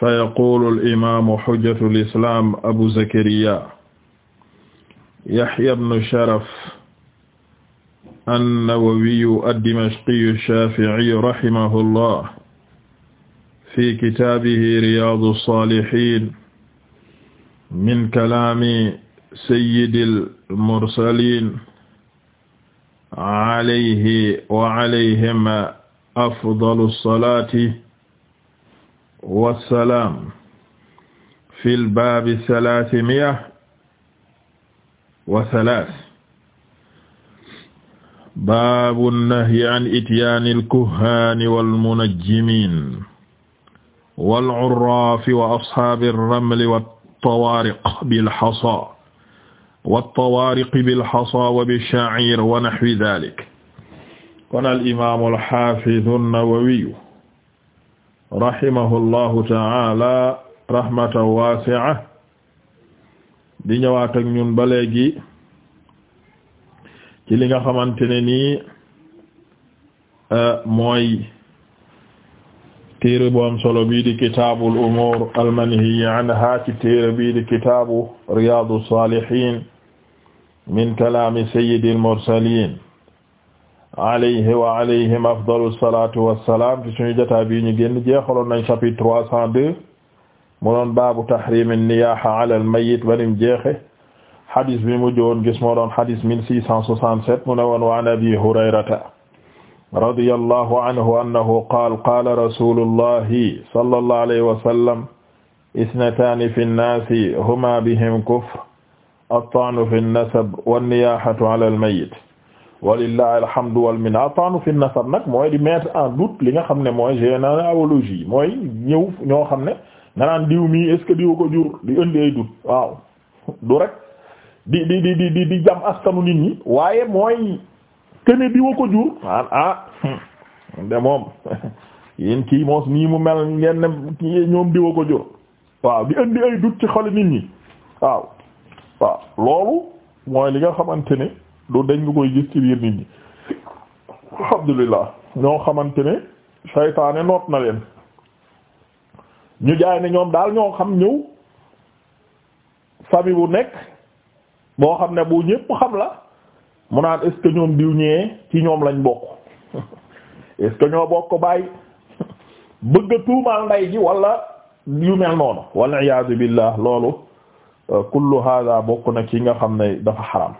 fa yaqulu alimamu hujjatu lislam abu zakariya yahya bnu sharaf annawawiyu addimashqiyu shafiiyu rahimahu llah fi kitaabihi riyaadu saalihiin min kalaami sayyidil mursaliin alayhi wa alayhim afdalu salaati wassalaam fil baabi salaasimia wa salaas baabu nahyi an ityaani alkuhaani walmunajjimiin wal'urraafi wa ashaabi ramli wattawaariq bilhasaa wattawaariqi bilhasaa wa bisha'iir wa nahwi dhaalika qaala al imaamu al haafidu an-nawawi rahimahullahu taala rahmatan waasi'a di ñëwaat ak ñun ba léegi ci li nga xamante ne nii euh, mooy téere bu am solo bii di kitaabul umuur almanhiyyi anhaa ci téere bii di kitaabu riyaadu saalihiin min kalaami sayyidil mursaliin alayhi wa alayhim afdalu salatu wassalam ci suñu jotaay bi ñu génn jeexaloon nañ chapitre trois cent deux mu doon baabu tahrim an-niyaha ala al-mayyit banim jeexe xadis bi mu joon gis moo doon xadis mille six cent soixante-sept mu ne woon wa an abi hurayrata radiyallahu anhu annahu qaala qaala rasulullahi sallallahu alayhi wa sallam isnataani fi nnaasi huma bihim kufr at-ta'nu fi an-nasab wan-niyahatu ala al-mayyit walillahi alhamdu wal minna atanu fi nasab nag mooy di mettre en doute li nga xam ne mooy généalogie mooy ñëw ñoo xam ne nga naan diw mii est-ce que ko jur di indi ay doute waaw du rek di di di di di jam askanu nit ñi waaye mooy kene diw ko jur ah ah hmm. kii moos nii mu mel ngeen ne ko jur waaw di indi ay doute ci xol nit ñi waaw waaw loolu mooy li nga xamante ne du dañ nga koy gis ci biir nit ñi alhamdulillah ñoo xamante ne saytaane noot na leen ñu jaay ne ñoom daal ñoo xam ñëw famille bu nekk boo xam ne bu ñépp xam la mu naan est-ce ñoom diw ñëwee ci ñoom lañ bokk est ñoo bokk bàyyi bëgg a tuumaal nday ji wala yu mel noonu wal iyaazu billah loolu kullu hada bokk na ci nga xam ne dafa xaram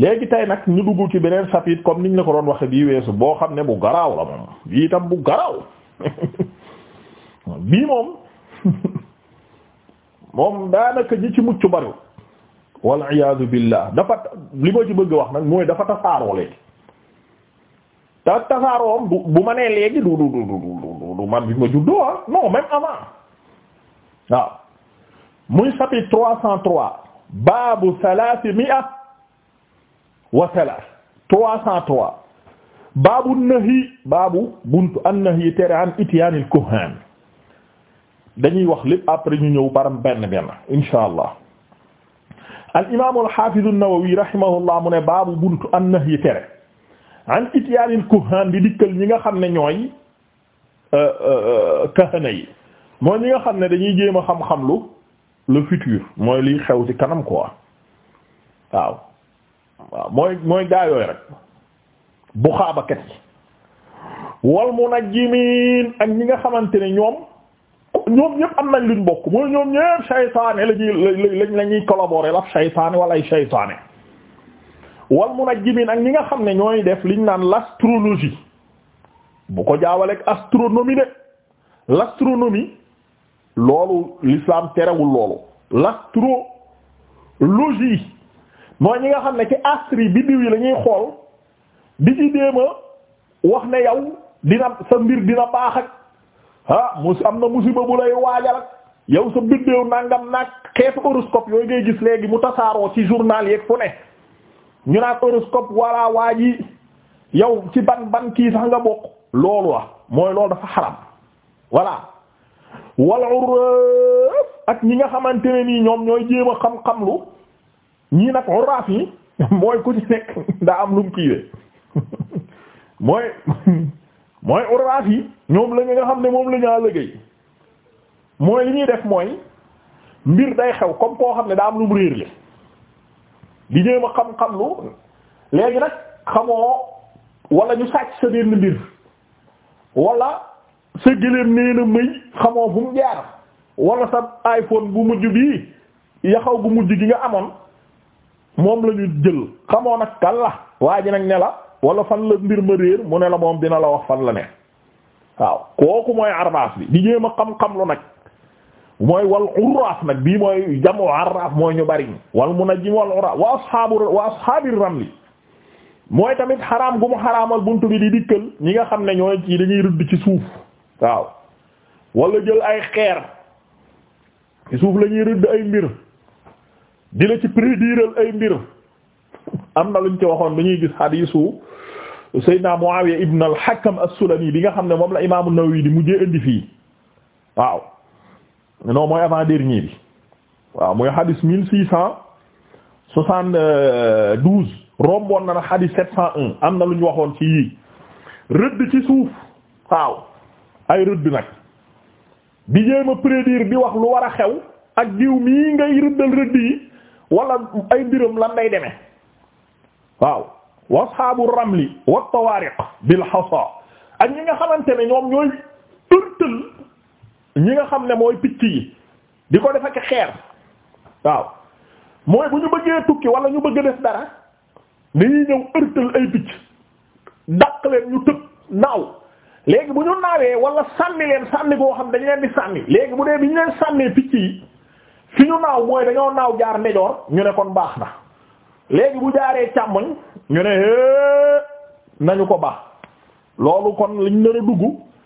léegi tey nag ñu dugg ci beneen chapitre comme niñ la ko doon waxe bii weesu boo xam ne bu garaaw la moom bii tam bu garaaw bii moom moom daanaka ñi ci mucc bariwul wal iyaazu billah dafa li ma ci bëgg wax nag mooy dafa tasaaroo léegi te tasaaroom du bu ma nee léegi du du du du du man bi ma juddoo ah non même avant waaw muy chapitre trois cent trois baabu salaasi mi'a wa salaas trois cent trois baabu nahi baabu buntu an nahi tere an ityaanil kuhaan dañuy wax lépp après ñu ñëw baram benn benn insha allah al imaamu al xaafizu an-Nawawi rahimahullah mu ne baabu buntu an nahi tere an ityaanil kuhaan di dikkal ñi nga xam ne ñooy euh, euh, kahana yi mooy ñi nga xam ne dañuy jéem a xam-xam lu le futur mooy liy xew ci kanam quoi waaw waaw mooy mooy gaa yooy rek bu xaabakat yi wal munajjimiin ak ñi nga xamante ne ñoom ñoom ñëpp am nañ luñ bokk mooy ñoom ñëpp saytaane la ñuy la ñuy collaborer laf saytaane wala ay saytaane wal munajjimiin ak ñi nga xam ne ñooy def liñ naan l'astrologie bu ko jaawaleeg astronomie de l'astronomie loolu l'islam terewul loolu l'astrologie mooy ñi nga xam ne ci astri biddiw yi la ñuy xool di ci déema wax ne yow dina sa mbir dina baax ak ah mus am na musiba bu lay waajal ak yow sa biddiw nangam nag xeetu horoscope yooyu ngay gis léegi mu tasaaroo ci journal yeeg fu ne ñu naan horoscope walla waa ji yow ci ban ban kii sax nga bokk loolu wa mooy loolu dafa xaram voilà wala ak ñi nga xamante ni ñoom ñooy jéem a xam-xam ñii nag urraaf yi mooy ku ci nekk daa am lu mu kiiwee mooy mooy urraaf yi ñoom la nga xam ne moom la ñu a mooy li ñuy def mooy mbir day xew comme koo xam ne daa am lu mu réer li di jéem a xam-xam lu léegi nag xamoo wala ñu sàcc sa benn mbir wala sa gëléem nee na may xamoo fu mu jaar wala sa iPhone bu mujj bii yaxaw bu mujj gi nga amoon moom la ñu jël xamoon ak kan waa ji nag ne la wala fan la mbir ma réer mu ne moom dina la wax fan la ne waaw kooku mooy arbaas bi di jéem a xam-xam nag mooy wal bii mooy jamu arraaf ñu bari wal munajjim wal urraaf wa ashaabu mooy tamit xaraam gu mu xaraamal buntu bi di dikkal ñi nga xam ne ñooy ci dañuy rëdd ci suuf waaw wala jël ay xeer ci suuf la rëdd ay mbir di ci prédiral ay mbir am na luñ ci waxoon bi ñuy gis hadisu Seydina Muawiya ibn al-Hakam as-Sulami bi nga xam ne moom la imaamu Nawawi di mujjee indi fii waaw non mooy avant dernier bi waaw mooy hadis mille six cent soixante douze romboon na na hadis sept cent un am na lu ñu waxoon ci yii rëdd ci suuf waaw ay rëdd nag di jéem prédire di wax lu war a xew ak jiw mii ngay rëddal rëdd yi wala ay mbiram lan lay demee waaw wa ashaabu ramli wa tawaariq bil hasa ak ñi nga xamante ne ñoom ñooy tërtël ñi nga xam ne mooy picc yi di ko def ak xeer waaw mooy bu ñu bëggee tukki wala ñu bëgg def dara dañuy ñëw ërtël ay picc daq leen ñu tëb naaw léegi bu ñu naawee wala sànni leen sànni boo xam dañu leen di sànni léegi bu dee bi ñu leen sànnee picc yi fi ñu naaw mooy dañoo naaw jaar ndejoor ñu ne kon baax na léegi bu jaaree càmmoñ ñu ne hee nañu ko baax loolu kon lañ nar a dugg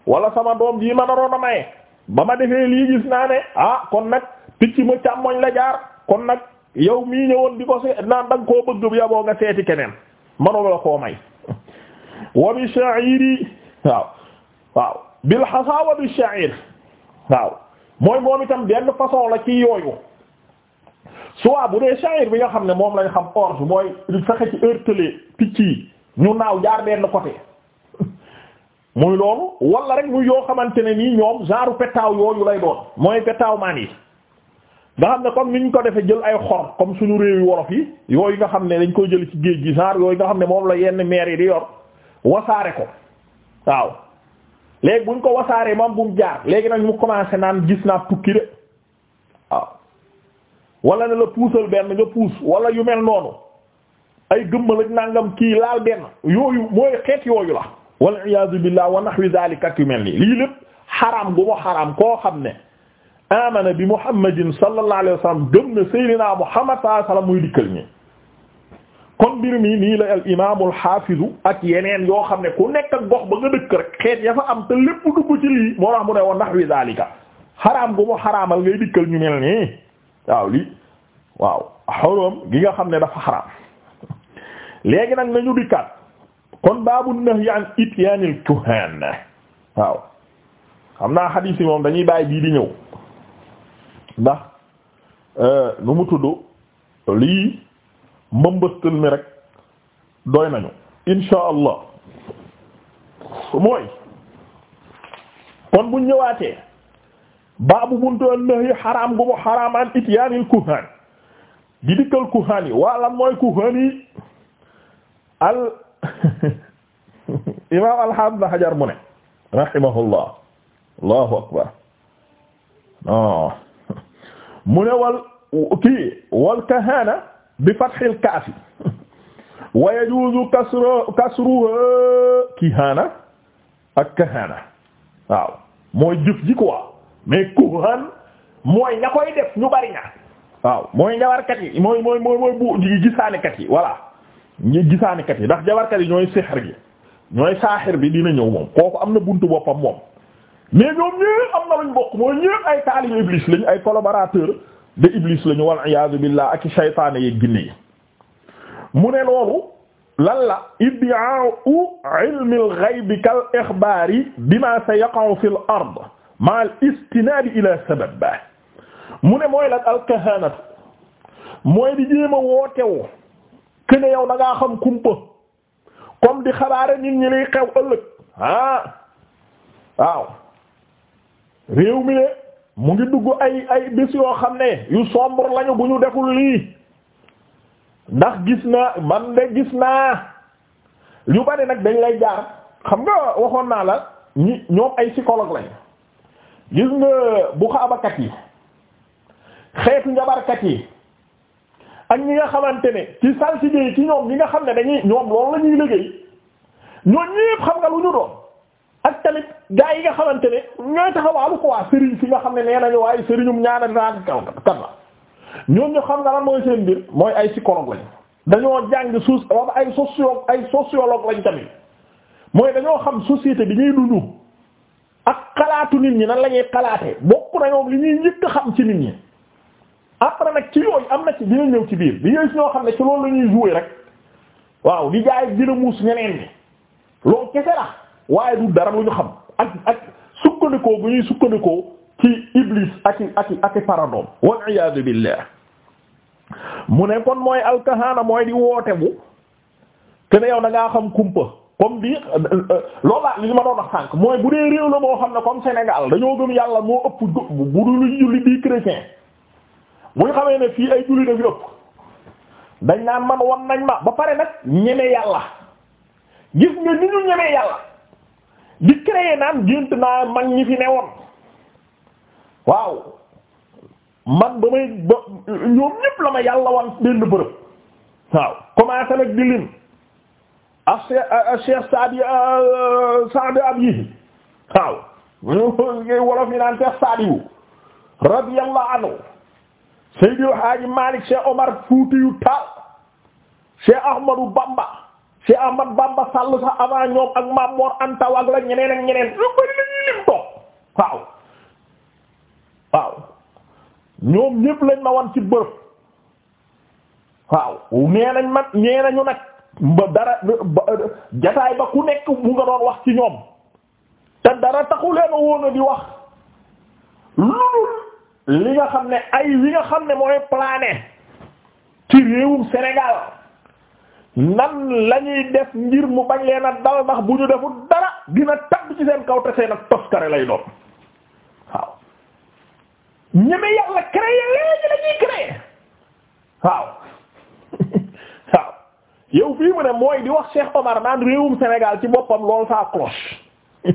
wala sama doom jii ma naroon a maye ba ma defee lii gis naa ne ah kon nag picc ma càmmoñ la jaar kon nag yow mii ñëwoon di ko seet naan da nga koo bëgg yaboo nga seeti keneen manoo la koo may wa bi sha'iri waaw waaw bil hasa waaw mooy moom itam benn façon la ci yooyu soit bu dee sha'ir bi nga xam ne moom lañ xam orge mooy fexe ci heurtele picc yi ñu naaw jaar benn côté muy loolu wala rek muy yoo xamante ne nii ñoom genre petaaw yooyu lay doon mooy petaaw maan yi nga xam ne comme ni ñu ko defee jël ay xor comme suñu réew yi wolof yi yooyu nga xam ne dañ koy jël ci géej gi genre yooyu nga xam ne moom la yenn maire yi di yor wasaare ko waaw léegi buñ ko wasaare moom bu mu jaar léegi nag mu commencé naan gis naa tukki de waaw wala ne la puusal benn nga puus wala yu mel noonu ay gëmmal ak nangam kii laal benn yooyu mooy xeet yooyu la wal iyaazu billaah wa nahwi zaalika ak yu mel nii lii lépp xaram bu mu xaram koo xam ne amana bi muhammadin sallallahu alayhi wa sallam gëm na seydinaa muhammad sallallahu alayhi muy dikkal ñi kon mbir mi nii la al imaamul xaafizu ak yeneen yoo xam ne ku nekk ak gox ba nga dëkk rek xeet ya fa am te lépp dugg ci lii moo tax mu ne woon ndax wi daalika xaraam gu mu xaraamal ngay dikkal ñu mel nii waaw lii waaw xaram gi nga xam ne dafa xaraam léegi nag nañu dikkaat kon baabu nahyi an ityaanil kuhaan waaw xam naa xadiis moom dañuy bàyyi bii di ñëw ndax euh, nu mu tudd lii mbëmbëstal mi rek doy nañu insha allah mooy kon bu ñëwaatee baabu buntu an-nahy xaraam gu mu xaraam an ityaanil kuhaan di dikkal kuhaan yi waa mooy kuhaan imaam al-Haafiz Hajar mu ne rahimahullah allahu akbar ah. mu ne wal kii wal kahaana bi fathil kaafi wa yajuuzu kasru kasru kihaana ak kahaana waaw mooy jëf ji quoi mais kuhaan mooy ña koy def ñu bari ña waaw mooy njabarkat yi mooy mooy mooy mooy bu gisaanekat yi voilà ñi gisaanekat yi ndax jabarkat yi ñooy sixir gi ñooy saaxir bi dina ñëw moom kooku am na buntu boppam moom mais ñoom ñëpp am na luñ bokk mooy ñëpp ay taalibe iblis lañ ay collaborateur de iblis lañu wal iyaazu billah ak shaytaane yi ginne yi mu ne loolu lan la iddi'a'u ilmi al-ghaybi kal ikhbaari bima sayaqa'u fil ard ma'a al-istinaadi ila sabab mu ne mooy la al-kahaanatu mooy di jéem a wootewu kene yow da ngaa xam kumpa comme di xabaare nit ñi liy xew ëllëg ah waaw réew mi ne mu ngi dugg ay ay bis yoo xam ne yu sombre lañu bu ñu deful lii ndax gis naa man de gis naa yu bari nag dañ lay jaar xam nga waxoon naa la ñi ñoom ay psychologue lañ gis nga bu xaabakat yi xeetu njabarkat yi ak ñi nga xamante ne ci saltige yi ci ñoom ñi nga xam ne dañuy ñoom loolu la ñuy liggéey ñoo ñépp xam nga lu ñu doon ak tamit gaa yi nga xamante ne ñooy taxawaalu ko waa sëriñ fi nga xam ne nee nañu waaye sëriñum ñaanal naa kaw kat la ñoom ñu xam nga lan mooy seen mbir mooy ay psychologue lañ dañoo jàng suuf ay socio ay sociologue lañ tamit mooy dañoo xam société bi ñuy dundu ak xalaatu nit ñi nan lañuy ñuy bokk na ñoom li ñuy njëkk xam ci nit ñi après nag ci yooyu am na ci dina ñëw ci biir bi ñooy xam ne ci loolu la ñuy jouer rek waaw di jaay dina muus ñeneen ñi loolu kese la. waaye du dara lu ñu xam ak sukkandikoo bu ñuy sukkandikoo ci iblis ak i ak i ak i paradoom wal iyaadu billah mu ne kon mooy alkahaana mooy di woote bu te ne yow da ngaa xam kumpa comme bi loolaa li ma doon wax sànq mooy bu dee réew la moo xam ne comme Sénégal dañoo gëm yàlla moo ëpp bu dul julli di chrétien muy xamee ne fii ay julli dafi ëpp dañ naan man wan nañ ma ba pare nag ñeme yàlla gis nga ni ñu ñeme yàlla di créer naan gént naa mag ñi fi newoon waaw man ba may ba ñoom ñépp la ma yàlla wan benn bërëb waaw commencé nag di lim a Cheikh Saadi euh, euh, Saadi Abihi waaw wolof yi naan Cheikh Saadiwu radiyallahu anhu Seydi Haaji Malik Cheikh Omar Fuutiyu Taal Cheikh Ahmadou Bamba si Ahmad Bamba Sall sax avant ñoom ak Mame Mor Anta Wag la ñeneen ak ñeneen ñu bari la ñuy lim lañ ma wan ci bërëb waaw nee nañ ma nee nañu nag ba dara jataay ba ku nekk mu nga wax ci ñoom te dara taxuleen a woon a di wax loolu li nga xam ne ay wi nga xam ne mooy plané ci senegal nan la ñuy def ngir mu bañ leen a dal ndax bu ñu deful dara dina tabb ci seen kaw te seen ak toskare lay doon waaw ñeme yàlla créé léegi la ñuy créé waaw waaw yow fii mu ne mooy di wax Cheikh Omar naan réewum Sénégal ci boppam lool saa cloche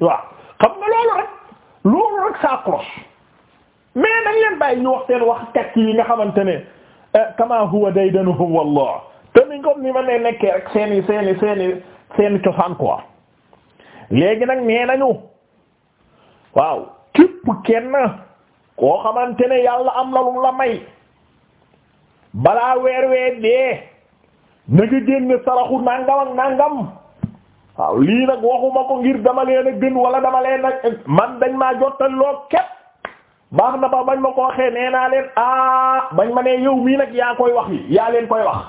waaw xam nga loolu rek loolu rek saa cloche mais dañ leen bàyyi ñu wax seen wax tekk yi nga xamante ne. Eh, kama huwa daydanuhum wallah te ni comme ni ma ne nekkee rek seeni seeni seeni seeni cosaan quoi léegi nag nee nañu waaw képp kenn koo xamante ne yàlla am na lu la may balaa weer weer dee na nga génne saraxu nangam nangam waaw lii nag waxuma ko ngir dama leen a gën wala dama leen man dañ maa jottal loo képp baax na ba bañ ma ko waxee nee naa leen ah bañ ma nee yow mii nag yaa koy wax yi yaa leen koy wax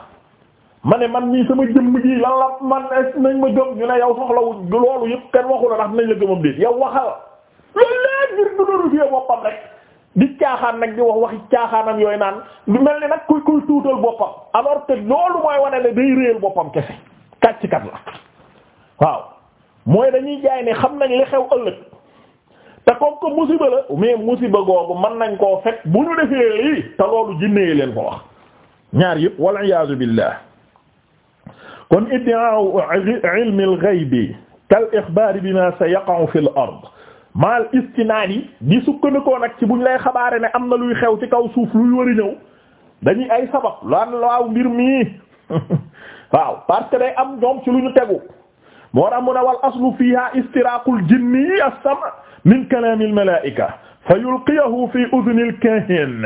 ma ne man mii sama jëmm ji lan la man nañ ma jëm ñu ne yow soxlawu loolu yëpp kenn waxu la ndax nañ la gëmam déet yow waxal loolu laa ngir dundal fii boppam di caaxaan nag di wax waxi caaxaanam yooyu naan lu mel ni nag kuy kuy tuutal boppam alors que loolu mooy wane ne day réel boppam kese kàcc la waaw mooy dañuy jaay ne xam nañ li xew ëllëg. te comme que musiba la mais musiba googu mën nañ koo fekk bu ñu defee lii te loolu jinnee leen ko wax ñaar yëpp wal iyaazu billah kon iddi'aa'u ilmi al-ghaybi kal ixbaari bima sayaqa'u fil ard maal istinaad yi di sukkandikoo nag ci bu ñu lay xabaare ne am na luy xew ci kaw suuf luy war a ñëw dañuy ay sabab lan waaw mbir mii waaw parce que day am ñoom ci lu ñu tegu moo tax mu ne wal aslu fiha istiraaqul jinni as-sam' min kalaamil malaa'ika fa yulqiyahu fi udhnil kaahin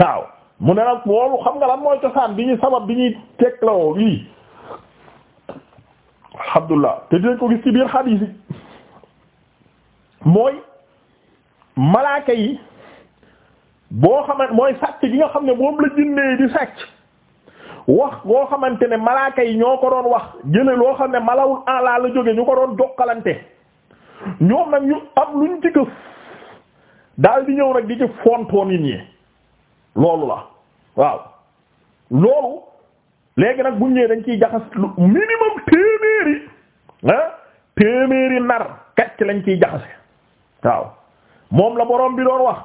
waaw mu ne nag loolu xam nga lan mooy cosaan bi ñuy sabab bi ñuy tegloo lii alhamdulilah te dinañ ko gis ci biir xadiis yi mooy malaaka yi boo xamante mooy sàcc gi nga xam ne moom la jinne yi wax boo xamante ne malaaka yi ñoo ko doon wax jële loo xam ne malawul ala la jóge ñu ko doon jokkalante ñoom nag ñu am luñ ci këf daal di ñëw nag di ci fontoo yi ñi loolu la waaw loolu léegi nag bu ñëwee dañ ciy jaxas lu minimum téeméeri ah téeméeri nar kacc lañ ciy jaxase waaw moom la borom bi doon wax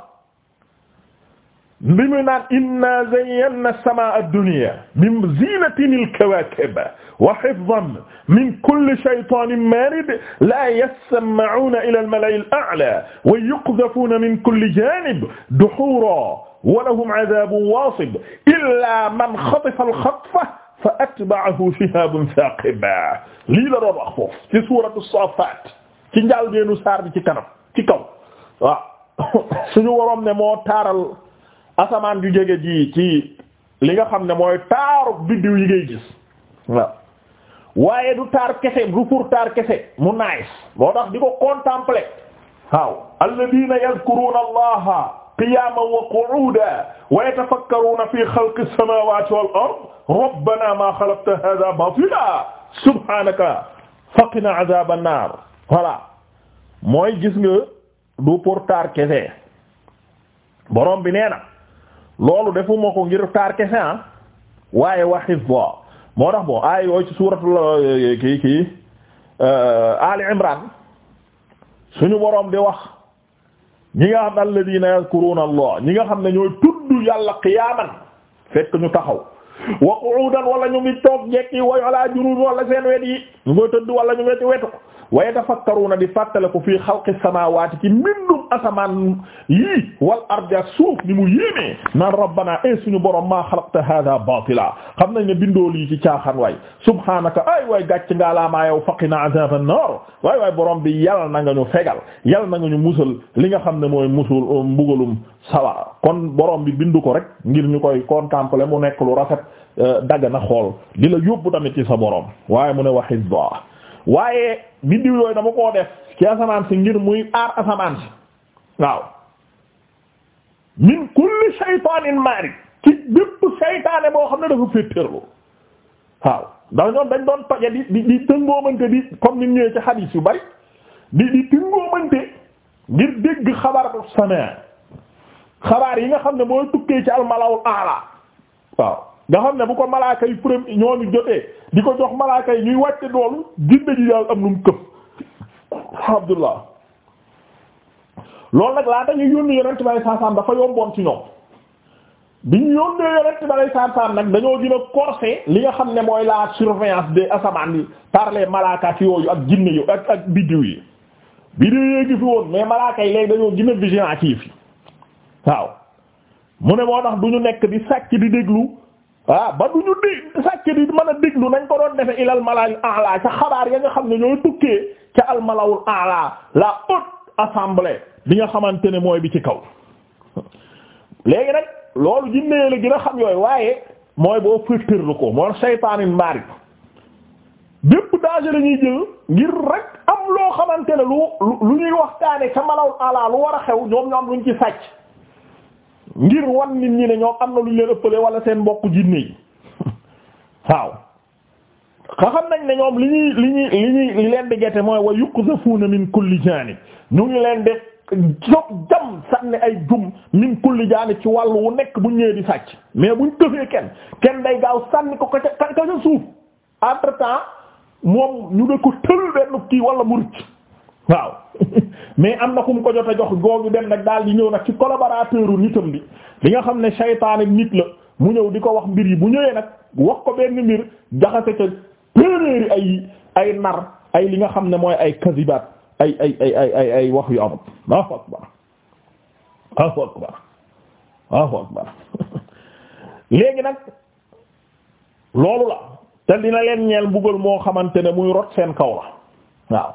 bi mu naan inna zayyanna samaa ad-dunya bi zinatin al-kawaakib wa hifzan min kulli shaytaanin maarid laa yasma'uuna ila al-mala'i al-a'laa wa yuqdhafuuna min kulli jaanib duhuuran wa lahum 'adhaabun waasib illaa man khatifa al-khatfa fa atba'ahu shihaabun thaaqib lii la doon wax foofu ci suuratu as-Saaffaat ci njàlbéenu saar bi ci kanam ci kaw waaw suñu waroon ne moo taaral asamaan ju jege ji ci li nga xam ne mooy taaru biddiw yi ngay gis waaw waaye du taar kese du pour taar kese mu naais moo tax di ko contempler waaw alladina yadhkuruna allaha qiyaman wa qu'udan wa yatafakkaruna fi xalqi as-samawati wal ard rabbana ma xalaqta hadha batila subhanaka faqina adhaban nar voilà mooy gis nga du pour taar kese borom bi nee na loolu defuma ko ngir taar kese ah waaye wa hifdha moo tax bon aay yooyu ci suuratul kii kii euh, Ali Imran suñu boroom di wax ñi nga xam ne alladina yazkuruna allah ñi nga xam ne ñooy tudd yàlla qiyaaman fekk ñu taxaw wa qu'udan wala ñu ngi toog njekki way ala juruud seen wet yi ñu ngoy tëdd wala ñu ngi ci wetu wa yatafakkaruna di fàttaliku fii xalqi samaawaati ci mbindum asamaan yii wal ardi ak suuf ni mu yéemee naan rabbana ay eh, suñu borom maa xalaqta hada batila xam nañ ne bindoo lii ci caaxaan waay subhaanaka ay waay gàcc ngaa laa maa yow faqina azaban naar waay waay borom bi yal na nga ñu fegal yal na ñu musal li nga xam ne mooy musul um, mbugalum sawa kon borom bi bindu ko rek ngir ñu koy contempler mu nekk lu rafet euh, dagg na xool di la yóbbu tamit ci sa borom waaye mu ne waxit ba waaye biddiw yooyu dama koo def ci asamaan si ngir muy aar asamaan si waaw min kulli shaytanin marid ci bépp saytaane boo xam ne dafa féttérlu waaw ndax ñoom dañ doon toje di di di tëngoomante di comme ni ñëwee ci xadiis yu bari di di tëngoomante ngir dégg xabar sama xabaar yi nga xam ne boo tukkee ci almalawul aala waaw nga xam ne bu ko malaaka yi premier ñooñu jotee di ko jox malaaka yi ñuy wàcce doolu jinne ji daal am nu mu këf Abdullah loolu nag laata ñu yónni yonent bi alayhi salaam dafa yomboon ci ñoom bi ñu yónnee yonent bi alayhi salaam nag dañoo gën a li nga xam ne mooy la surveillance des asamaan yi par malaaka ci yooyu ak jinne yu ak ak biddiw yi biddiw yee gi woon mais malaaka yi léegi dañoo gën a vigilant ci yi waaw mu ne moo tax du ñu ah ba du ñu dégg sàcc di mën a déglu nañ ko doon defe ilal malal a'la ca xabaar ya nga xam ne ñooy tukkee ca al malawul a'la la haute assemblée bi nga xamante ne mooy bi ci kaw léegi nag loolu jinnee la gën a xam yooyu waaye mooy boo féttërlu ko moo saytaanin mari bépp danger la ñuy jël ngir rek am loo xamante ne lu lu ñuy waxtaane ca malawul a'la lu war a xew ñoom ñoom luñ ci sàcc ngir wan nit ñi ne ñoom am na lu ñu leen ëppale wala seen mbokk jinne yi waaw xam nañ ne ñoom li ñuy li ñuy li ñuy li leen di gerte mooy wa yuqzafuna min kulli janib ñu ngi leen di jog jam sànni ay jum min kulli janib ci wàll wu nekk bu ñu ñëwee di sàcc mais bu buñ tëfee kenn kenn day gaaw sànni ko ko ca ka ca suuf entre temps moom ñu ne ko tël benn kii wala mu rëcc waaw mais am na ku mu ko jot a jox googu dem nag daal di ñëw nag ci collaborateur u nitam bi li nga xam ne saytaane nit la mu ñëw di ko wax mbir yi bu ñëwee nag wax ko benn mbir jaxase ca péeréeri ay ay nar ay li nga xam ne mooy ay kazibaat ay ay ay ay ay wax yu amul Allahu akbar Allahu léegi nag loolu la te dina leen ñeel mbugal moo xamante ne muy rot seen kaw la waaw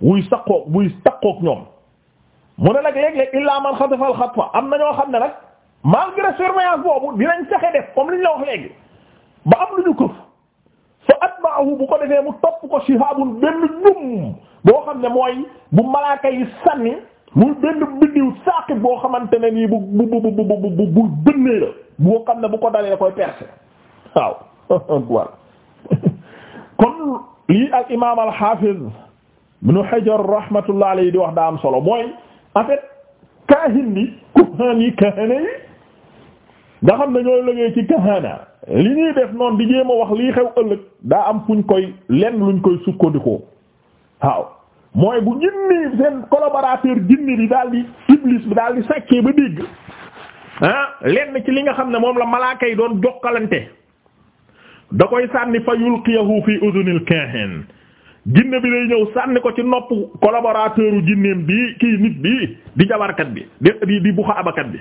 buy saqoog buy saqoog ñoom mu ne nag léeg-léeg illaa man xatafal xatfa am na ñoo xam ne nag malgré surveillance boobu dinañ fexe def comme liñ la wax léegi ba am lu ñu këf fa atba'ahu bu ko defee mu topp ko shihabun benn jum boo xam ne mooy bu malaaka yi sànni muy benn biddiw saaqib boo xamante ne nii bu bu bu bu bu bu bënnee la boo xam ne bu ko dalee koy percé waaw voilà kon lii al imaam al hafiz ibnu Hajar rahmatullah alayhi di wax daa am solo mooy en fait kaahin bi kuhaan yi kahana yi nga xam ne ñooy liggéey ci kahana li ñuy def noonu di jéem a wax lii xew ëllëg daa am fuñ koy lenn luñ koy sukkandikoo waaw mooy bu jinni seen collaborateur jinni bi daal di iblis bi daal di sàkkee ba dégg ah, lenn ci li nga xam ne moom la malaaka yi doon jokkalante da koy sànni fa yulqiyahu fi udunil kahin jinne bi day ñëw sànni ko ci noppu collaborateur u jinneem bi kii nit bi di jabarkat bi di di buxa abakat bi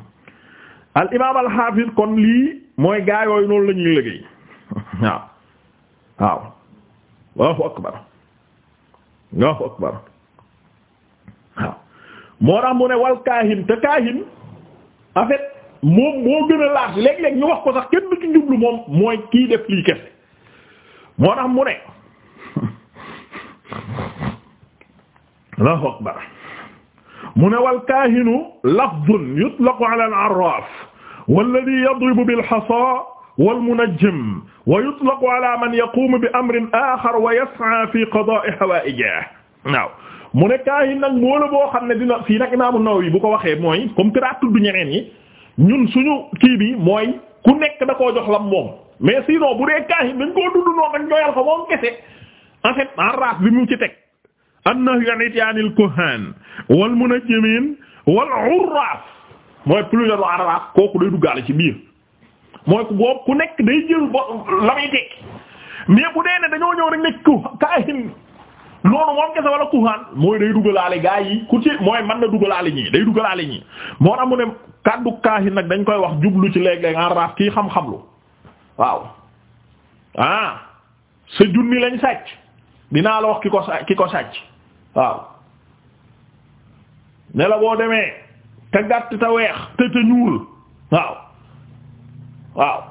al imaam al kon lii mooy gaa yooyu noonu la ñuy waaw waaw waaw moo tax mu ne wal kaahin te kaahin en moom moo gën a laaj léeg-léeg ñu wax ko sax kenn du ci njublu moom mooy kii def lii kese moo tax mu ne Allahu akbar mu ne wal kaahinu lafdun yutlaqu ala al-arraaf walladhi yadribu bil-hasaa wal-munajjim wa yutlaqu ala man yaqumu bi amrin aaxar wa yas'aa fi qadaa'i hawaa'ijihi waaw mu ne kaahin nag moo la boo xam ne dina fii nag Imaam An-Nawawi bu ko waxee mooy comme que daa tudd ñeneen ñi ñun suñu kii bi mooy ku nekk da koo jox lam moom mais sinon bu dee kaahin dañ koo tudd noonu dañ ko yàlla ko moom kese. en fait arraf bi mu ci teg annahyu an ityaanil kuhaan wal munajjimin wal urraf mooy pluriel arraf kooku day duggaale ci biir mooy ku boobu ku nekk day jël bo la muy bu dee ne dañoo ñëw rek nekk kaahin loolu moom kese wala kuhaan mooy day duggalaale gaa yi ku ci mooy mën na duggalaale ñii day duggalaale ñii moo tax mu ne kaddu kaahin nag dañ koy wax jublu ci léeg-léeg arraf kii xam-xamlu waaw ah sa junni lañ sàcc dinaa la wax ki ko sa ki ko sàcc waaw ne la boo demee te gàtt te weex te te ñuul waaw waaw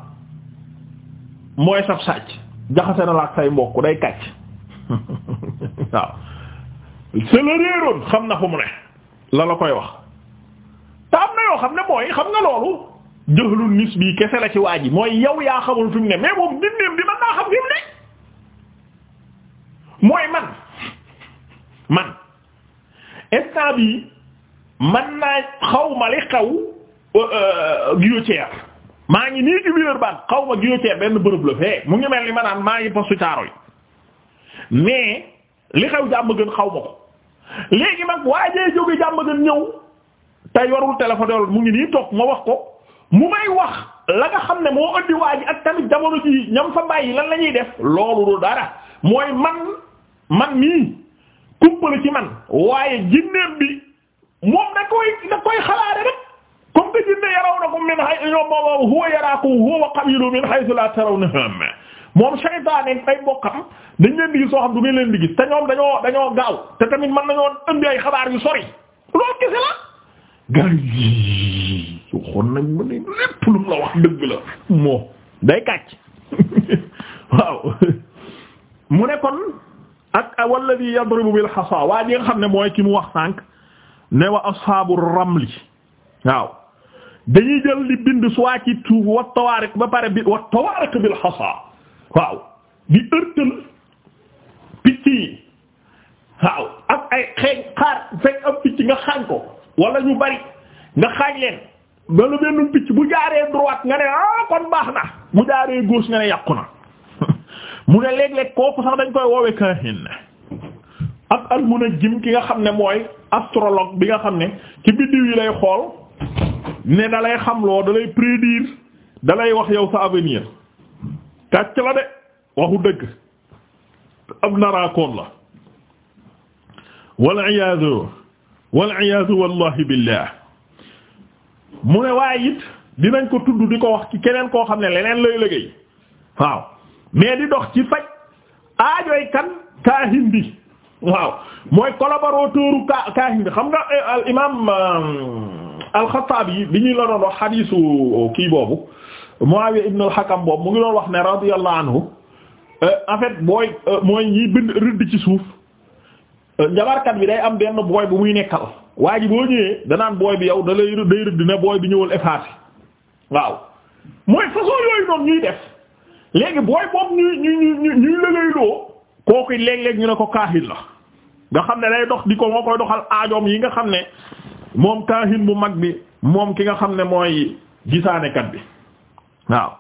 mooy sab sàcc jaxase na la ak say mbokk day kàcc waaw c'est le réeroon xam na fu mu ne la la koy wax te am na yoo xam ne mooy xam nga loolu jëxlul nis bii kese la ci waa ji mooy yow yaa xamul fi ne mais moom dindeem di mën naa xam fi ne mooy man man instant bi man naa xaw ma li xaw euh, euh, Guillotière maa ngi nii ci Villeurbanne xaw ma Guillotière benn bërëb la fee mu ngi mel ni ma maa ngi postu caaro yi mais li xew jàmb gën xaw ma ko léegi nag waajee jóge jàmm gën ñëw te yorul téléphone yorul mu ngi nii toog ma wax ko mu may wax la nga xam ne moo ëndi waa ak tamit jamono ji ñam fa bàyyi lan la ñuy def loolu du dara mooy man man mii kumpale ci man waaye jinneem bi moom da koy da koy xalaare rek comme que jinne yarawnakum min haythu ñoom moom huwa yaraakum huwa wa qabiluhu min haythu la tarawnahum moom shaytaane ay bokkam dañ leen di gis soo xam du ngeen leen di gis te ñoom dañoo dañoo gaaw te tamit mën nañoo indi ay xabaar yu sori loolu kese la gar yi xoon nañ ma ne lépp lu mu la wax dëgg la moo day kàcc waaw mu ne kon ak walladi yadribu bil xasa waa ji ne mooy ki mu wax sànq ne wa asxaabu ramli waaw dañuy jël di bind soit ci tuuf wa ba pare bi wa tawaariq bil xasa waaw di ërtal picc yi ak ay xeeñ xaar fekk am picc nga xaañ ko wala ñu bari nga xaañ leen ba benn picc bu jaaree droite nga ne ah kon baax na bu jaaree gauche nga ne yàqu na. mu ne léeg-léeg kooku sax dañ koy woowe kaahin ak al munajjim ki nga xam ne mooy astrologue bi nga xam ne ci biddiw yi lay xool ne da lay xamloo da lay prédire da wax yow sa avenir kàcc la de waxu dëgg ab naraakoon la walla iyaadu wal iyaadu wallahi billah mu ne waaye it dinañ ko tudd di ko wax ci keneen koo xam ne leneen lay liggéey waaw mais di dox ci faj aajooy kan kaahin bi waaw mooy collaborateur ka kaahin bi xam nga eh, al imam euh, al-Xattaabi bi ñuy la doon xadiisu euh, kii boobu Muawiya ibn al-Hakam boobu mu ngi doon wax ne radiyallahu anhu euh, en booy mooy ñiy bind rëdd ci suuf njabarkat bi day am benn booy bu muy nekkal waa ji boo ñëwee danaan booy bi yow da lay day rëdd ne booy bi ñëwal effacé waaw mooy façon yooyu noonu ñuy def léegi booy boobu ñuy ñuy ñuy ñuy lëgëyloo kooku léeg-léeg ñu ne ko kaahin la nga xam ne day dox di ko moo koy doxal aajom yi nga xam ne moom kaahin bu mag bi moom ki nga xam ne mooy gisaanekat bi waaw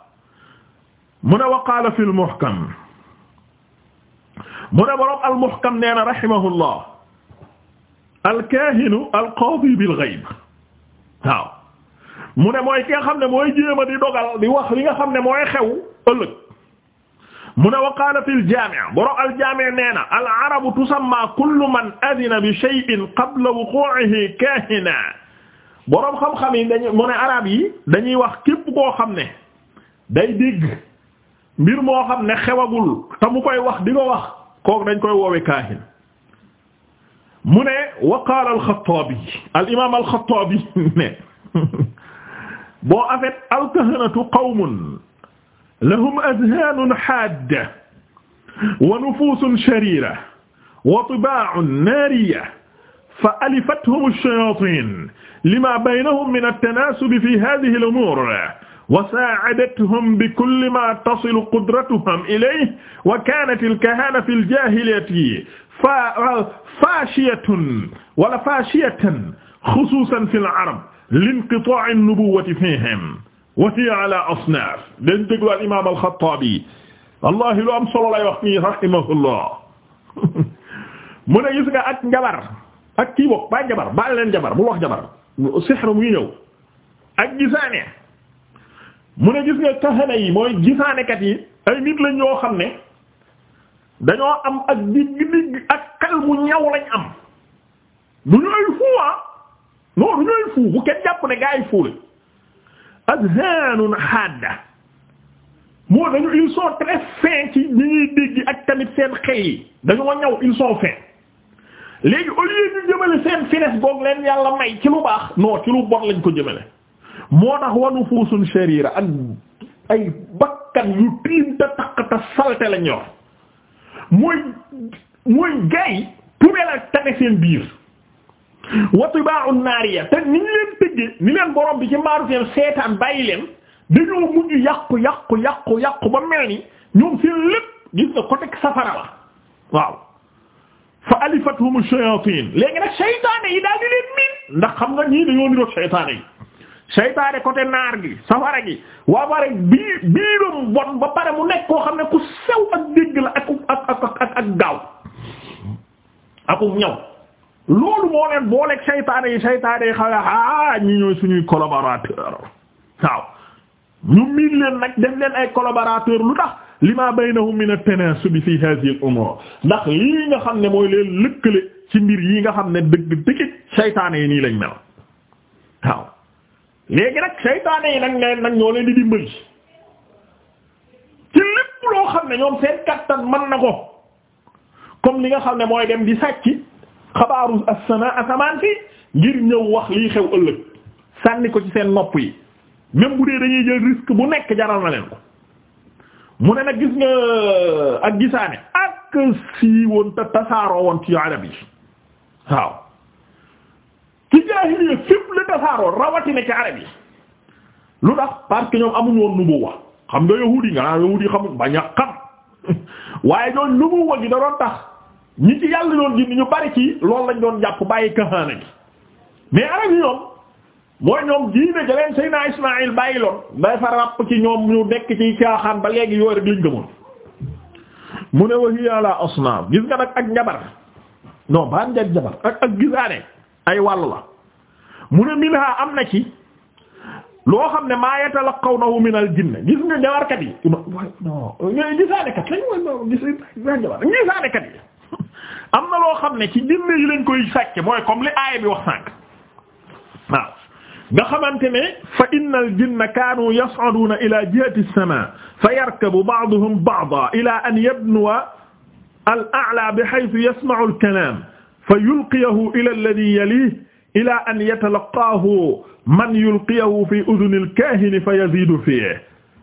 mu ne waqaala fi al-muhkam mu boroom al-muhkam nee na rahimahullah al-kaahinu al-qaadi bil-ghayb waaw mu ne ki nga xam ne mooy jéema di dogal di wax li nga xam ne mooy xew ëllëg mu ne wa fi al-jaami' borom al-jaami' nee na al-arabu tusamma kullu man adina bi shay'in qabla wuqu'ihi kaahina borom xam-xam yi dañu mu arab yi dañuy wax képp koo xam ne day dégg mbir moo xam ne xewagul te koy wax di ko wax kook dañ koy woowe kaahin mu ne wa qaala al-Xattaabi al-imaam al-Xattaabi boo afet al-kahinatu qawmun lahum adhanun haadda wa nufuusun shariira wa tibaa'un naariya fa alifathum ash-shayaatiin limaa baynahum min at-tanaasubi fi haadhihi al-umuur wa saa'adathum bi kulli maa tasilu qudratuhum ilayhi wa kaanat al-kahaanatu fi al-jaahiliyyati faashiyatan wala faashiyatan khusuusan fi al-arab li inqitaa'i an-nubuwwati fiihim wa hiya ala asnaf dañ déglu al imam al-Xattaabi wallahi lu am solo lay wax nii rahimahullah mu ne gis nga ak njabar ak kii bokk ba njabar ba leen njabar bu wax njabar sixr muy ñëw mu ne gis nga kahana yi mooy gisaanekat yi ay nit lañ ñoo xam ne dañoo am ak digg-digg ak xel bu ñaw lañ am du ñooy fuu ah non du fuu bu kenn jàpp ne gaa fuu lañ azhanun hadda moo dañu ils sont très fins ci ñi ñuy dégg ak tamit seen xëy yi dañoo ñaw ils sont fins léegi au lieu ñu jëmale seen finesse boog leen yàlla may ci lu baax non ci lu bon lañ ko jëmale moo tax wanu fuusun sharira ak ay bakkan yu tiim ta takk ta salte la ñor mooy mooy gaay poubelle ak tane seen biir wa tibaa'un naariya te ni ñu ni leen borom bi ci maaru seen seetaan bàyyi leen dañoo mujj yàqu yàqu yàqu yàqu ba mel ni ñoom seen lépp gis nga côté safara la waaw fa alifatuhum ash-shayatin léegi nag seytaane yi daal di ndax xam nga ñii dañoo niroog seytaane yi seytaane côté naar gi safara gi waa bare bii biiram bon ba pare mu nekk koo xam ne ku sew ak dégg la ak ak ak ak ñaw loolu moo leen booleeg saytaane yi saytaane yi xam ne ah, ñi ñooy suñuy collaborateur waaw ñu miin leen nag dem leen ay collaborateur lu tax li lima baynahum min at-tanasub fi hadhihi al-umur ndax lii nga xam ne mooy leen lëkkale si mbir yi nga xam ne dëgg dëgg saytaane yi nii lañ mel waaw léegi nag saytaane yi nag nee nag ñoo leen di dimbali ci lépp loo xam ne ñoom seen kattan mën na ko comme li nga xam ne mooy dem di sàcc. xabaaru as-samaa asamaan si ngir ñëw wax lii xew ëllëg sànni ko ci seen nopp yi même bu dee dañuy jël risque bu nekk jaral na leen ko mu ne nag gis nga ak gisaane ak sii woon te tasaaroo woon ci arab yi waaw ci jaahiliya fépp la tasaaroo rawatina ci arab yi lu tax parce que ñoom amuñu woon nubuwa xam nga yahuudi nga naan yahuudi xamuñ bañ a waaye ñoom nubuwa gi tax ñi ci yàlla doon gindi ñu bari ci loolu lañ doon jàpp bàyyi kahaana gi mais arab yi ñoom mooy ñoom diine ci ñoom ñu nekk ci caaxaan mu ne wa hiya gis nga nag ak njabar non baan njag jabar ak ak gisaane ay wàll la mu ne minha am na ci loo xam ne maa yatalaqawnahu min al jinne gis nga jabarkat kat lañ mooy gisaane kat yi am na loo xam ne ci jinne yi lañ koy sàcc mooy comme li aaya bi wax sànq waaw nga xamante ne fa innal jinna kaanu yas'aduna ila jihati as-samaa fa yarkabu ba'duhum ba'dan ila an yabnuwa al-a'la bi haythu yasma'u al-kalaam fa yulqiyahu ila alladhi yalihi ila an yatalaqaahu man yulqiyahu fi udhuni al-kaahini fa yaziidu fiihi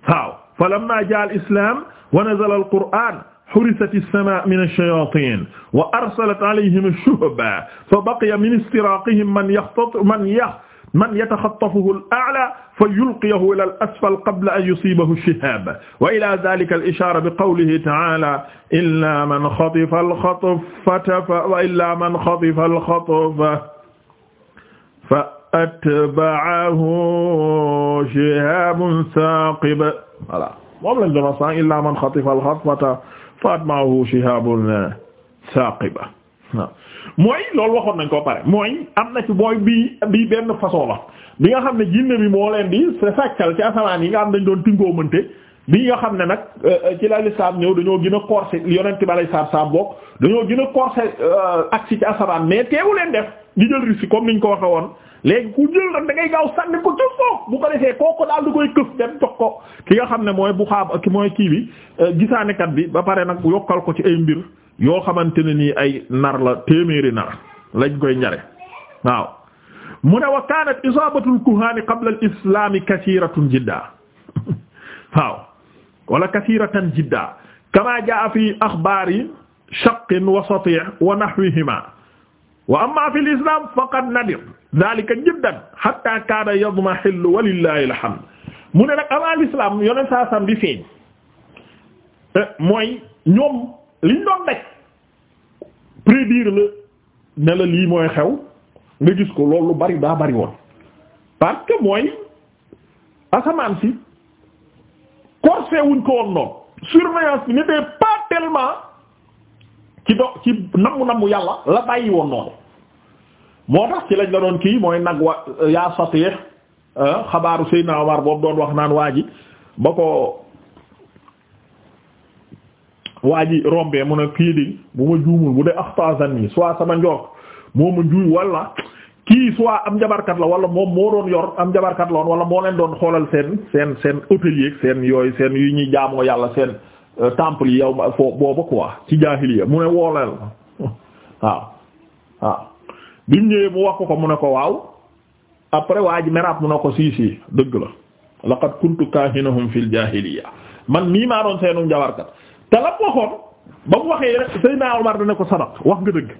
waaw falammaa jaa'a al-islaam wa nazala al-qur'aan hurisat as-samaa min ash-shayaatiin wa arsalat alayhim ash-shuhba fa baqiya min istiraaqihim man yaxtatu man yax man yataxattafuhu al-a'laa fa yulqiyahu ilaa al-asfal qabla an yusiibahu ash-shihaab wa ilaa zaalika al-ishaara bi qawlihi ta'aalaa illaa man xatifa al-xatfata wa illaa man xatifa al-xatfata fa atba'ahu shihaabun saaqib voilà moom lañ doon wax illaa man xatifa al-xatfata fa atba'ahu shihabun saqiba mooy loolu waxoon nañ ko pare mooy am na ci mooy bii bii benn façon la bi nga xam ne jinne bi moo leen di sàccal ci asamaan yi nga am dañ doon tingoo mënte bi nga xam ne nag euh, euh, ci la lislaam ñëw dañoo gën a corsé yonent bi alayhi salaam bokk dañoo gën a corsé euh, aksi ci asamaan mais teewu leen def di jël risque comme niñ ko waxe woon léegi ku jël nag da gaaw sànni ko jël ko bu ko defee kooku daal di koy këf dem jox ko ki nga xam ne mooy bu xaab ki mooy kii bi euh, gisaanekat bi ba pare nag yokkal ko ci ay mbir yoo xamante ne nii ay nar la téeméeri nar lañ koy ñare waaw mu ne wa kanat isabatul kuhaani qabla al islami kasiratun jidda waaw wala kasiratan jidda kama jaa fi axbaari shaqqin wa satih wa waa amma fi l-islam faqad nadir dhalika jiddan hatta kaana yadma hill walillahi alhamd mu ne nag avant l'islam yoneen saa sam bi feeñ eh, mooy ñoom liñ doon daj prédire la ne la lii mooy xew nga gis ko loolu lu bari daa bari woon parce que mooy asamaan si corsé wuñ ko woon noonu surveillance bi n'était ci do ci nammu nammu yàlla la bàyyi woon noonu moo tax ci lañ la doon kii mooy nag wa yaa Satih ah, xabaaru Seydina Omar boobu doon wax naan waa ji ba ko waa ji rombee mu ne kii di bu ma juumul bu dee axtazan yi soit sama njort moo ma njuuy walla kii soit am jabarkat la wala moom moo doon yor am jabarkat la woon wala moo leen doon xoolal seen seen seen hôtelier seen yooyu seen yu ñuy jaamoo yàlla seen Euh, temple yi yow foo booba quoi ci jaahiliya mu ne wooleel waaw waaw bi mu mu wax ko ko mu ne ko waaw après waa ji meraat mu ne ko sii dëgg la laqad kuntu kaahinahum fil jaahiliya man mii maa doon seenu njabarkat te la waxoon ba mu waxee Seydina Omar dana ko sadaq wax nga dëgg